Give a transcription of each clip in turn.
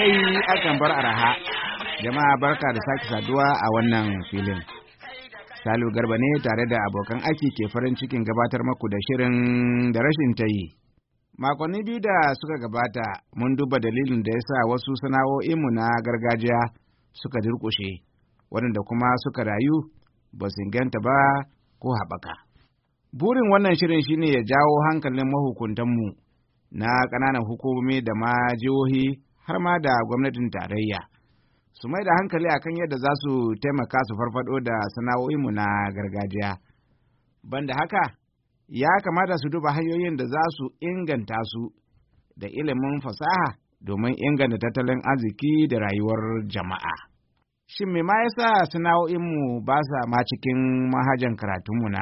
dai akan bar araha jama'a barka da sake saduwa a wannan filin salu garba ne tare da abokan aiki ke farin cikin gabatar maku da shirin da rashin ta yi makonni biyu da suka gabata mun duba dalilin da ya sa wasu sana'o'inmu na gargajiya suka durƙushe waɗanda kuma suka rayu ba su inganta ba ko haɓaka burin wannan shirin shine ya jawo hankalin mahukuntanmu na ƙananan hukumomi da ma jihohi har ma da gwamnatin tarayya su mai da hankali akan yadda za su taimaka su farfado da sana'o'inmu na gargajiya banda haka ya kamata su duba hanyoyin da za su inganta su da ilimin fasaha domin inganta tattalin arziki da rayuwar jama'a. Shin me ma yasa sana'o'inmu ba sa ma cikin mahajan karatunmu na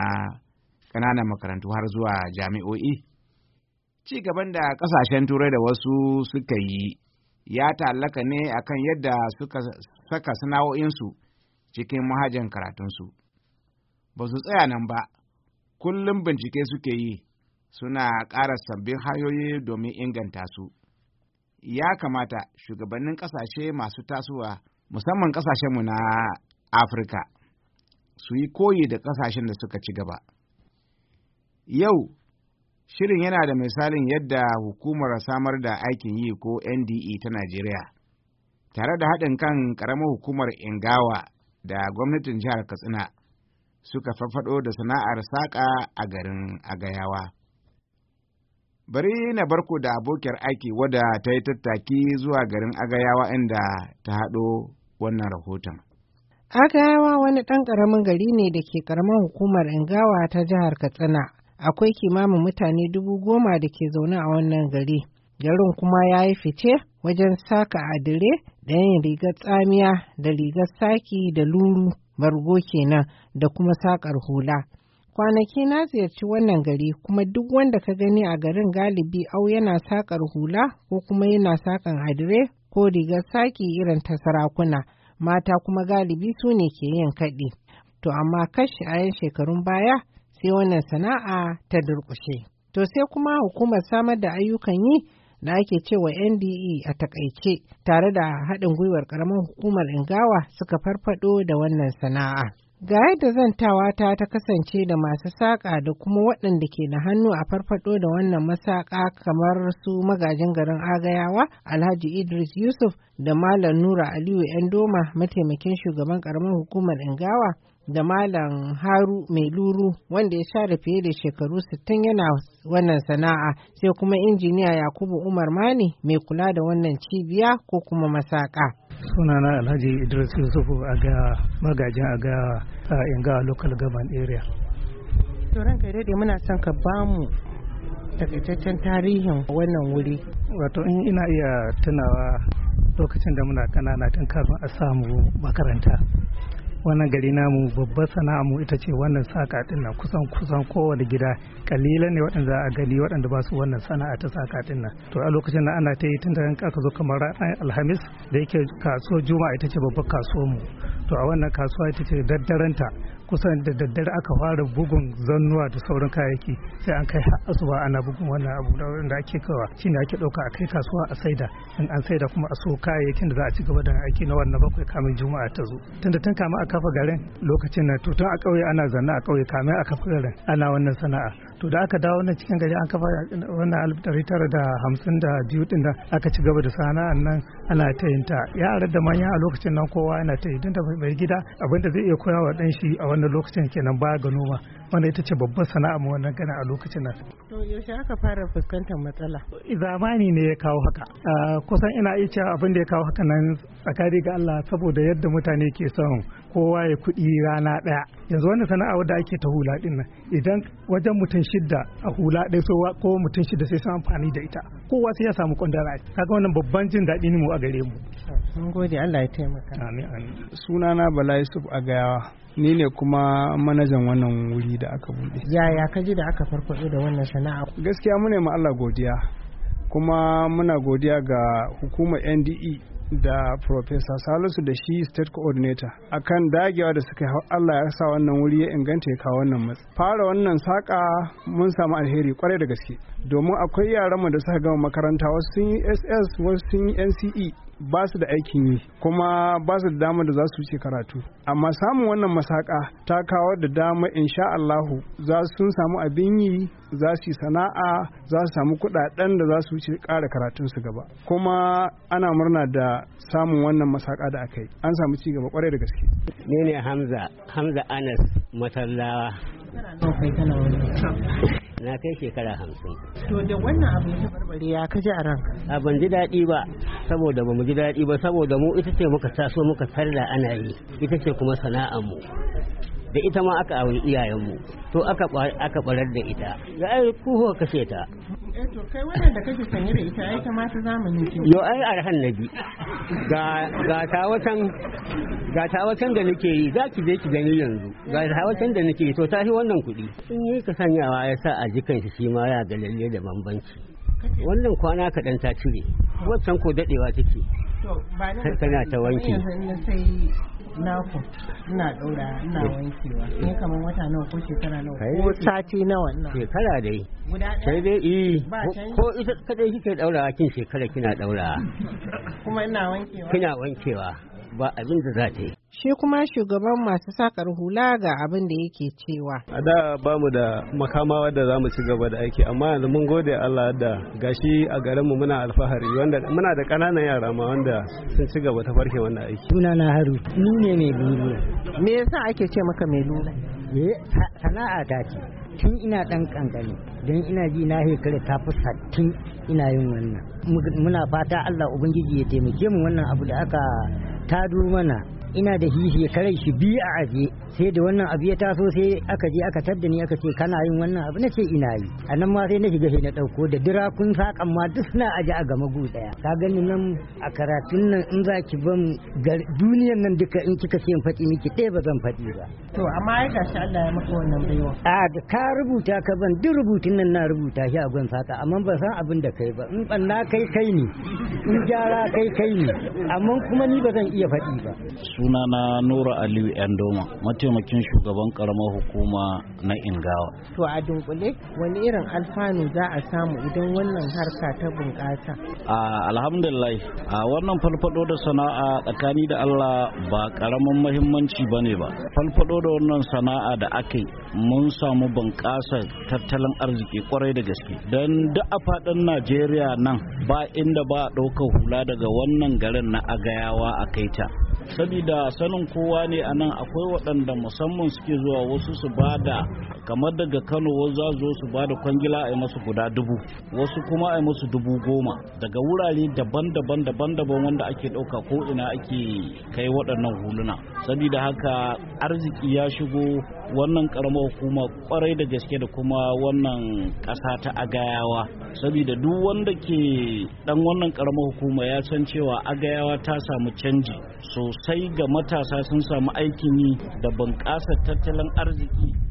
ƙananan makarantu har zuwa jami'o'i? Ci gaban da ƙasashen turai da wasu suka yi ya ta'allaka ne a kan yadda suka saka sana'o'insu cikin mahajin karatunsu. Ba su tsaya nan ba, kullum bincike suke yi suna ƙara sabbin hanyoyi domin inganta su. Ya kamata shugabannin ƙasashe masu tasowa, musamman ƙasashenmu na Afirka, su yi koyi da ƙasashen da suka ci gaba. Yau, Shirin yana da misalin yadda hukumar samar da aikin yi ko NDE ta Najeriya, tare da haɗin kan ƙaramar hukumar Ingawa da gwamnatin jihar Katsina suka farfaɗo da sana'ar saƙa a garin Agayawa. Bari na barko da abokiyar aiki wadda ta yi tattaki zuwa garin Agayawa inda ta haɗo wannan rahoton. Agayawa wani ɗan ƙaramin gari ne da ke ƙaramin hukumar Ingawa ta jihar Katsina. akwai kimamin mutane dubu goma da ke zaune a wannan gari. Garin kuma ya yi fice wajen saka adire da yin rigar tsamiya da rigar saki da luru bargo kenan da kuma sakar hula. Kwanaki na ziyarci wannan gari kuma duk wanda ka gani a garin galibi au yana sakar hula ko kuma yana sakan adire ko rigar saki irin ta sarakuna. Mata kuma galibi su ne ke yin kaɗi. To amma kashi a yan shekarun baya sai wannan sana'a ta durƙushe. To sai kuma hukumar samar da ayyukan yi da ake cewa NDE a takaice tare da haɗin gwiwar ƙaramin hukumar Ingawa suka farfaɗo da wannan sana'a. Ga yadda zantawa ta ta kasance da masu saƙa da kuma waɗanda ke da hannu a farfaɗo da wannan masaƙa kamar su magajin garin Agayawa Alhaji Idris Yusuf da Malam Nura Aliyu Endoma mataimakin shugaban ƙaramin hukumar Ingawa da Malam Haru Mai Luru wanda ya share fiye da shekaru 60 yana wannan sana'a sai kuma injiniya Yakubu Umar Mani mai kula da wannan cibiya ko kuma masaka. Sunana Alhaji Idris Yusufu a ga magajin a ga Inga Local Government Area. Turan kai daidai muna son ka bamu takaitaccen tarihin wannan wuri. Wato in ina iya tunawa lokacin da muna kanana tun kafin a samu makaranta. wannan gari namu babbar sana'a mu ita ce wannan saka din nan kusan kusan kowane gida kalilan ne waɗanda a gani waɗanda ba su wannan sana'a ta saka din nan to a lokacin nan ana ta yi tun daga aka zo kamar alhamis da yake kasuwar juma'a ita ce babbar kasuwar mu to a wannan kasuwa ita ce daddaranta kusan da daddare aka fara bugun zannuwa da sauran kayayyaki sai an kai asuba ana bugun wannan abu da ake kawa shine ake ɗauka a kai kasuwa a saida in an saida kuma a so kayayyakin da za a ci gaba da aiki na wannan bakwai kamin juma'a ta zo tunda tun kama a kafa garin lokacin na tutun a kauye ana zanna a kauye kamin a kafa garin ana wannan sana'a to da aka dawo wannan cikin gari an kafa wannan alif ɗari tara da hamsin da biyu ɗin da aka ci gaba da sana'an nan ana ta yin ta yara da manya a lokacin nan kowa yana ta yi don da mai gida abin da zai iya koya wa ɗan shi a wannan lokacin kenan ba ga noma wanda ita ce babbar sana'a mu wannan gana a lokacin nan. To yaushe aka fara fuskantar matsala? Zamani ne ya kawo haka. Kusan ina iya cewa abin da ya kawo haka nan tsakari ga Allah saboda yadda mutane ke son kowa ya kuɗi rana ɗaya. Yanzu wannan sana'a wadda ake ta hula ɗin nan idan wajen mutum Shidda a hula ɗaya so ko mutum shida sai sun amfani da ita kowa sai ya samu kwandara kaga wannan babban jin daɗi ne mu a gare mu mun gode Allah ya taimaka amin amin sunana Bala Yusuf Agayawa ni ne kuma manajan wannan wuri da aka buɗe yaya ka ji da aka farfaɗo da wannan sana'a gaskiya mu ne ma Allah godiya kuma muna godiya ga hukumar NDE da Profesa Salisu da shi State Coordinator akan dagewa da suka hau Allah ya sa wannan wuri ya inganta ya kawo wannan matsi. Fara wannan saƙa mun samu alheri kwarai da gaske domin akwai mu da suka gama makaranta wasu sun yi SS wasu sun yi NCE ba su da aikin yi kuma ba su da dama da za su ce karatu amma samun wannan masaka ta kawo da dama insha Allahu za su samu abin yi za su yi sana'a za su samu kudaden da za su wuce ƙara su gaba kuma ana murna da samun wannan masaka da aka yi an samu ci gaba kwarai da gaske ne ne hamza hamza anas matallawa na kai shekara hamsin to da wannan abin ya barbare ya kaji a ran. a ban ji daɗi ba saboda ba mu ji daɗi ba saboda mu ita ce muka taso muka tarda ana yi ita ce kuma sana'a mu da ita ma aka auri iyayenmu to aka aka barar da ita ga ai kuho kashe ta eh, to kai wannan da kake sanye da ita ai ta ma ta zamani ce yo ai arhan nabi ga ga ta watan ga ta watan da nake yi za ki je ki gani yanzu ga ta watan da nake yi to ta yi wannan kuɗi in yi ka sanyawa ya sa a jikan shi ma ya galalle da bambanci wannan kwana kaɗan ta cire wancan ko daɗewa take Kana ta wanki na ku ina daura ina wankewa ne kamar wata nawa ko shekara nawa ko sati nawa ina shekara dai guda sai dai eh ko ita kike daura kin shekara kina daura kuma ina wankewa kina wankewa ba abin da za ta yi shi kuma shugaban masu sakar hula ga abin da yake cewa. A da ba mu da makamawa da za mu ci gaba da aiki amma yanzu mun gode Allah da gashi a garinmu muna alfahari wanda muna da ƙananan yara ma wanda sun ci gaba ta farke wannan aiki. Suna na haru ni ne mai lura. Me yasa ake ce maka mai lura? sana'a ta ce tun ina ɗan kankani don ina ji na shekara ta fi sattin ina yin wannan muna fata Allah Ubangiji ya taimake mu wannan abu da aka 他都问了。ina da hihi karai shi bi a aje sai da wannan abu ya taso sai aka je aka tadda ni aka ce kana yin wannan abu na ce ina yi a nan ma sai na shiga sai na ɗauko da dirakun saƙan ma duk suna aje a gama gu ɗaya ka gani nan a karatun nan in za ki ban duniyan nan duka in kika ce in faɗi miki ɗaya ba zan faɗi ba. to amma ya gashi Allah ya maka wannan baiwa. a da ka rubuta ka ban duk rubutun nan na rubuta shi a gwan saƙa amma ba san abin da kai ba in ɓanna kai kai ne in gyara kai kai ne amma kuma ni ba zan iya faɗi ba. suna na nura aliyu yandoma mataimakin shugaban karamar hukuma na ingawa to a dunkule wani irin alfanu za a samu idan wannan harka ta bunƙasa alhamdulillah a wannan falfado da sana'a tsakani da allah ba karamin mahimmanci ba ne ba falfado da wannan sana'a da aka mun samu bunƙasar tattalin arziki kwarai da gaske don duk a faɗin najeriya nan ba inda ba a ɗaukar hula daga wannan garin na agayawa a kai ta saboda sanin kowa ne a nan akwai waɗanda musamman suke zuwa wasu su ba da kamar daga kano wasu za zo su ba da kwangila a yi masu guda dubu wasu kuma a yi masu dubu goma daga wurare daban-daban daban-daban wanda ake ɗauka ko ina ake kai waɗannan huluna saboda haka arziki ya shigo wannan karamar hukuma kwarai da gaske da kuma wannan ƙasa ta agayawa saboda duk wanda ke dan wannan karamar hukuma ya san cewa agayawa ta samu canji sosai ga matasa sun samu aikin yi da bunƙasar tattalin arziki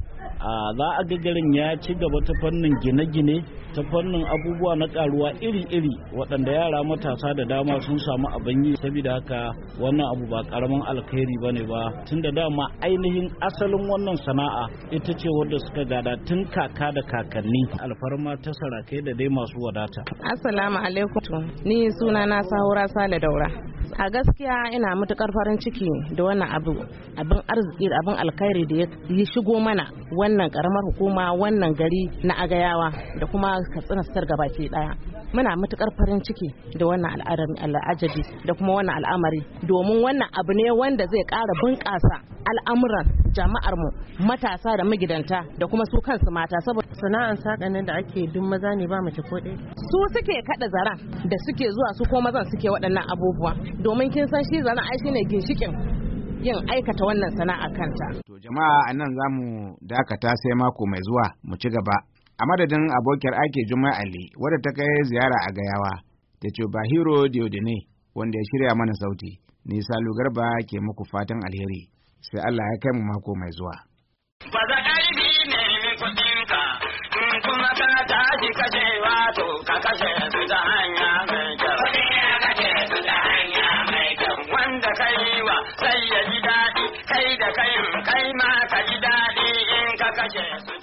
za a ga garin ya ci gaba ta fannin gine-gine ta fannin abubuwa na karuwa iri-iri waɗanda yara matasa da dama sun samu abin yi saboda haka wannan abu ba karamin alkhairi ba ne ba tun da dama ainihin asalin wannan sana'a ita ce wadda suka gada tun kaka da kakanni alfarma ta sarakai da dai masu wadata assalamu alaikum ni suna na sahura sale daura a gaskiya ina matukar farin ciki da wannan abu abin arziki abin alkhairi da ya shigo mana wannan karamar hukuma wannan gari na agayawa da kuma katsina star gabaki daya muna matukar farin ciki da wannan al'ajabi da kuma wannan al'amari domin wannan abu ne wanda zai kara bunƙasa al'amuran jama'ar mu matasa da magidanta da kuma su kansu mata saboda sana'an sakanin da ake duk maza ne ba mace ko ɗaya su suke kada zara da suke zuwa su ko mazan suke waɗannan abubuwa domin kin san shi zana ai shine ginshikin yin aikata wannan sana'a kanta. To jama'a a nan za mu dakata sai mako mai zuwa mu ci gaba. A madadin abokiyar ake Juma'a Ali wadda ta kai ziyara a Gayawa da ce Bahiro Diodine wanda ya shirya mana sauti. Ni Salu Garba ke muku fatan alheri. Sai Allah ya kai mu mako mai zuwa. ka yi ne kuɗinka, in kuma ka tashi kashe wato ka kashe su ta hanya mai kyau. kai wa sai ya ji daɗi kai da kai kai ma ka ji daɗi in ka kashe su.